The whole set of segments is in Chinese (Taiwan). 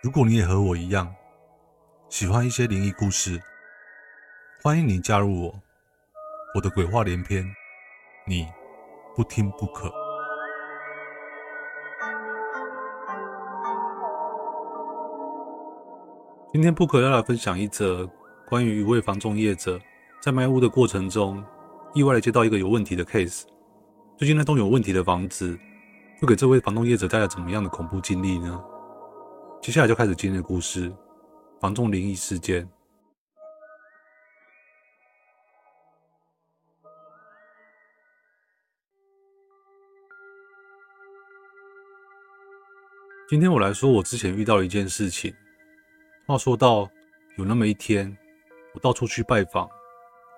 如果你也和我一樣喜歡一些靈異故事，歡迎你加入我。我的鬼話連篇，你不聽不可。今天 Book 要來分享一則關於一位房仲業者在賣屋的過程中，意外的接到一個有問題的 case。最近那棟有問題的房子，會給這位房仲業者帶來怎麼樣的恐怖經歷呢？接下來就開始今天的故事，房仲靈異事件。今天我來說我之前遇到的一件事情。話說到，有那麼一天，我到處去拜訪，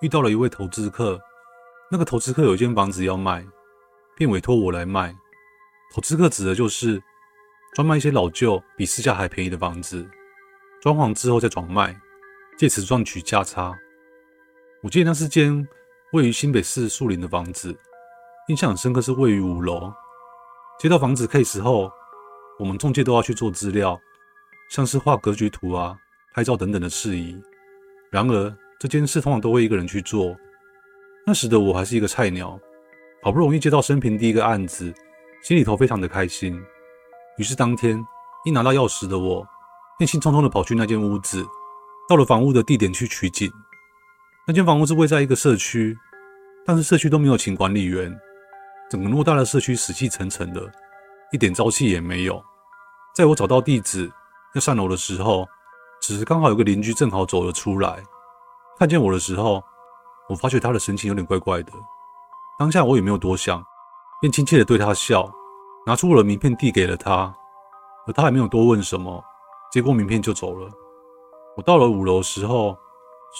遇到了一位投資客。那個投資客有一間房子要賣，便委託我來賣。投資客指的就是。專賣一些老舊、比市價還便宜的房子，裝潢之後再轉賣，借此賺取價差。我記得那是間位於新北市樹林的房子，印象很深刻，是位於五樓。接到房子 case 後，我們中介都要去做資料，像是畫格局圖啊、拍照等等的事宜。然而這件事通常都會一個人去做。那時的我還是一個菜鳥，好不容易接到生平第一個案子，心裡頭非常的開心。於是當天一拿到鑰匙的我，便興沖沖地跑去那間屋子，到了房屋的地點去取景。那間房屋是位在一個社區，但是社區都沒有請管理員，整個偌大的社區死氣沉沉的，一點朝氣也沒有。在我找到地址要上樓的時候，只是剛好有個鄰居正好走了出來，看見我的時候，我發覺他的神情有點怪怪的。當下我也沒有多想，便親切地對他笑。拿出我的名片遞給了他，可他還沒有多問什麼，接過名片就走了。我到了五樓時候，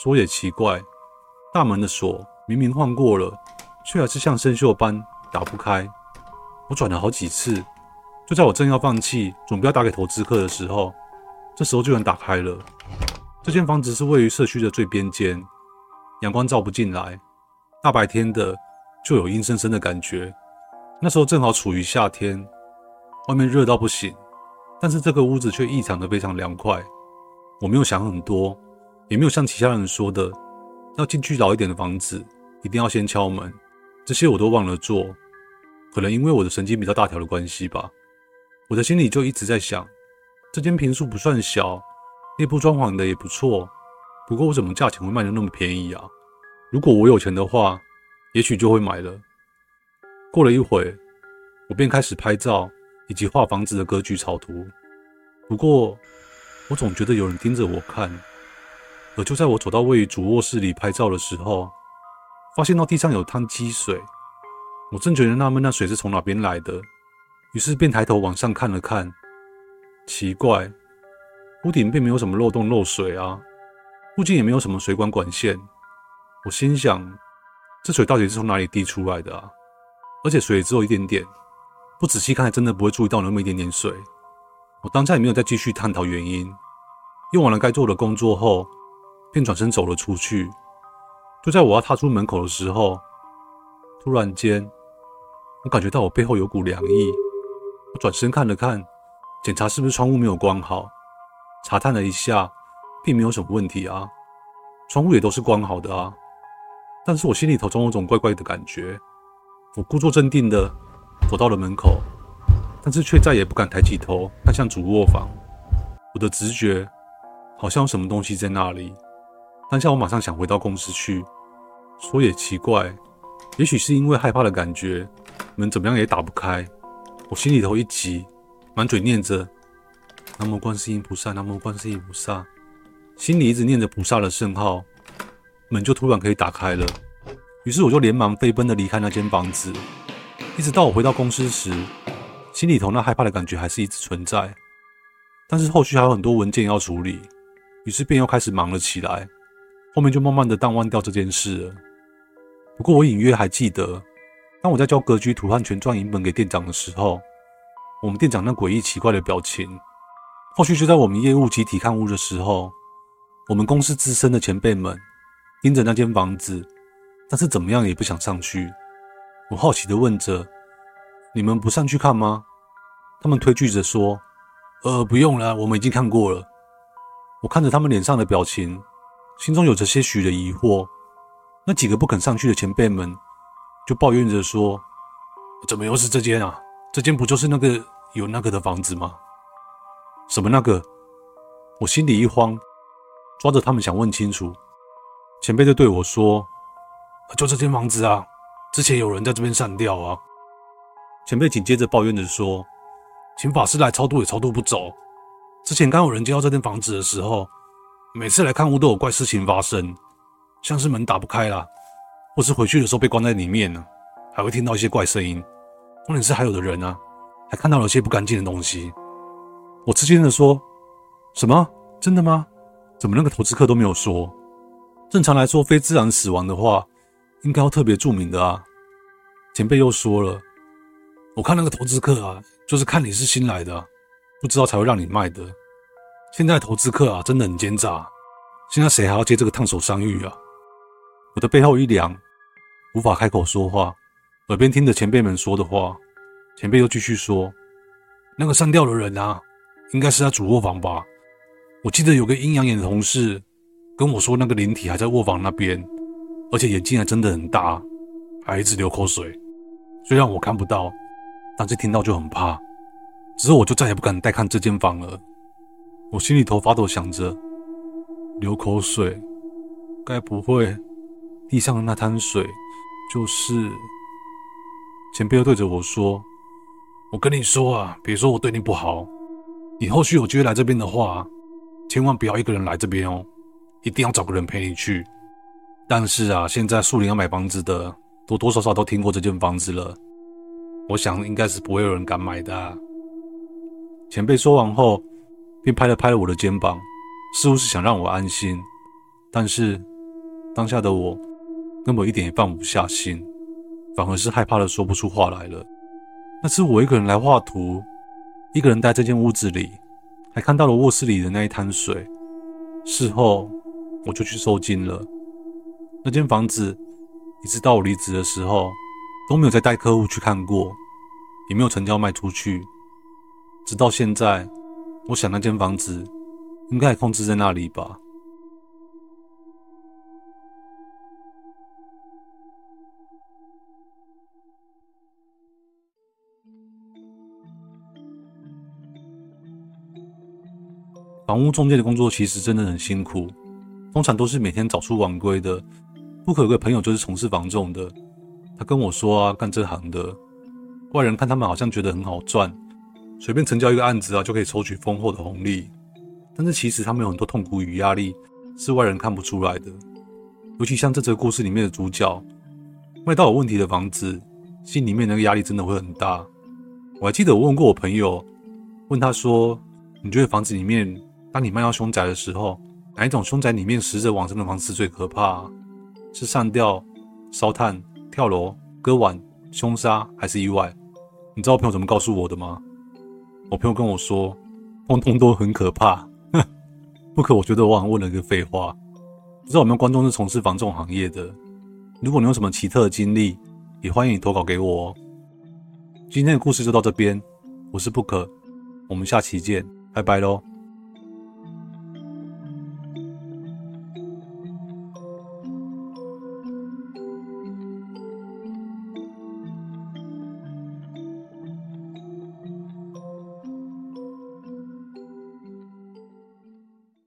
說也奇怪，大門的鎖明明換過了，卻還是像生鏽般打不開。我轉了好幾次，就在我正要放棄，準備要打給投資客的時候，這時候就能打開了。這間房子是位於社區的最邊間，陽光照不進來，大白天的就有陰森森的感覺。那時候正好處於夏天，外面熱到不行，但是這個屋子卻異常的非常涼快。我沒有想很多，也沒有像其他人說的，要進去老一點的房子一定要先敲門，這些我都忘了做。可能因為我的神經比較大條的關係吧，我的心裡就一直在想，這間坪數不算小，內部裝潢的也不錯，不過我怎麼價錢會賣得那麼便宜啊？如果我有錢的話，也許就會買了。過了一會，我便開始拍照以及畫房子的格局草圖。不過，我總覺得有人盯着我看。而就在我走到位於主臥室裡拍照的時候，發現到地上有灘積水。我正覺得納悶，那水是從哪邊來的？於是便抬頭往上看了看。奇怪，屋頂並沒有什麼漏洞漏水啊，附近也沒有什麼水管管線。我心想，這水到底是從哪裡滴出來的啊？而且水也只有一點點，不仔細看還真的不會注意到那麼一點點水。我當下也沒有再繼續探討原因，用完了該做的工作後，便轉身走了出去。就在我要踏出門口的時候，突然間，我感覺到我背後有股涼意。我轉身看了看，檢查是不是窗戶沒有關好，查探了一下，並沒有什麼問題啊，窗戶也都是關好的啊。但是我心裡頭總有一種怪怪的感覺。我故作鎮定的走到了門口，但是卻再也不敢抬起頭看向主臥房。我的直覺好像有什麼東西在那裡。當下我馬上想回到公司去。說也奇怪，也許是因為害怕的感覺，門怎麼樣也打不開。我心裡頭一急，滿嘴念着“南無觀世音菩薩，南無觀世音菩薩”，心裡一直念着菩薩的聖號，門就突然可以打開了。於是我就連忙飛奔的離開那間房子，一直到我回到公司時，心裡頭那害怕的感覺還是一直存在。但是後續還有很多文件要處理，於是便又開始忙了起來，後面就慢慢的淡忘掉這件事了。不過我隱約還記得，當我在交格局圖和權狀影本給店長的時候，我們店長那詭異奇怪的表情。後續就在我們業務集體看屋的時候，我們公司資深的前輩們盯着那間房子。但是怎麼樣也不想上去。我好奇地問着：“你們不上去看嗎？”他們推拒着說：“呃，不用啦，我們已經看過了。”我看着他們臉上的表情，心中有着些許的疑惑。那幾個不肯上去的前輩們就抱怨着說：「呃，怎麼又是這間啊？這間不就是那個有那個的房子嗎？”“什麼那個？”我心裡一慌，抓着他們想問清楚。前輩就對我說。就這間房子啊，之前有人在這邊上吊啊。前輩緊接着抱怨着說：“請法師來超度也超度不走。之前剛有人接到這間房子的時候，每次來看屋都有怪事情發生，像是門打不開了，或是回去的時候被關在裡面了，還會聽到一些怪聲音。重點是還有的人啊，還看到了一些不乾淨的東西。”我吃驚的說：“什麼？真的嗎？怎麼那個投資客都沒有說？正常來說，非自然死亡的話。”應該要特別註明的啊！前輩又說了，我看那個投資客啊，就是看你是新來的，不知道才會讓你賣的。現在投資客啊，真的很奸詐。現在誰還要接這個燙手山芋啊？我的背後一涼，無法開口說話，耳邊聽着前輩們說的話。前輩又繼續說，那個上吊的人啊，應該是在主臥房吧？我記得有個陰陽眼的同事跟我說，那個靈體還在臥房那邊。而且眼睛還真的很大，還一直流口水。雖然我看不到，但是聽到就很怕。之後我就再也不敢帶看這間房了。我心裡頭發抖，想着流口水，該不會地上的那灘水就是前輩又對着我說：“我跟你說啊，別說我對你不好，你後續有機會來這邊的話，千萬不要一個人來這邊哦，一定要找個人陪你去。”但是啊，現在樹林要買房子的多多少少都聽過這間房子了，我想應該是不會有人敢買的啊。前輩說完後，便拍了拍了我的肩膀，似乎是想讓我安心。但是當下的我，根本一點也放不下心，反而是害怕的說不出話來了。那次我一個人來畫圖，一個人待在這間屋子裡，還看到了臥室裡的那一灘水。事後我就去收驚了。那間房子，一直到我離職的時候，都沒有再帶客戶去看過，也沒有成交賣出去。直到現在，我想那間房子應該還控制在那裡吧。房屋仲介的工作其實真的很辛苦，通常都是每天早出晚歸的。我有個朋友就是從事房仲的，他跟我說啊，幹這行的外人看他們好像覺得很好賺，隨便成交一個案子啊就可以抽取豐厚的紅利，但是其實他們有很多痛苦與壓力，是外人看不出來的。尤其像這則故事裡面的主角，賣到有問題的房子，心裡面那個壓力真的會很大。我還記得我問過我朋友，問他說：“你覺得房子裡面，當你賣到凶宅的時候，哪一種凶宅裡面死者往生的房子最可怕啊？”是上吊、燒炭、跳樓、割腕、凶殺還是意外？你知道我朋友怎麼告訴我的嗎？我朋友跟我說，通通都很可怕。 Book，我覺得我好像問了一個廢話。不知道我們觀眾是從事房仲行業的，如果你有什麼奇特的經歷，也歡迎你投稿給我哦。今天的故事就到這邊，我是 Book，我們下期見，拜拜嘍。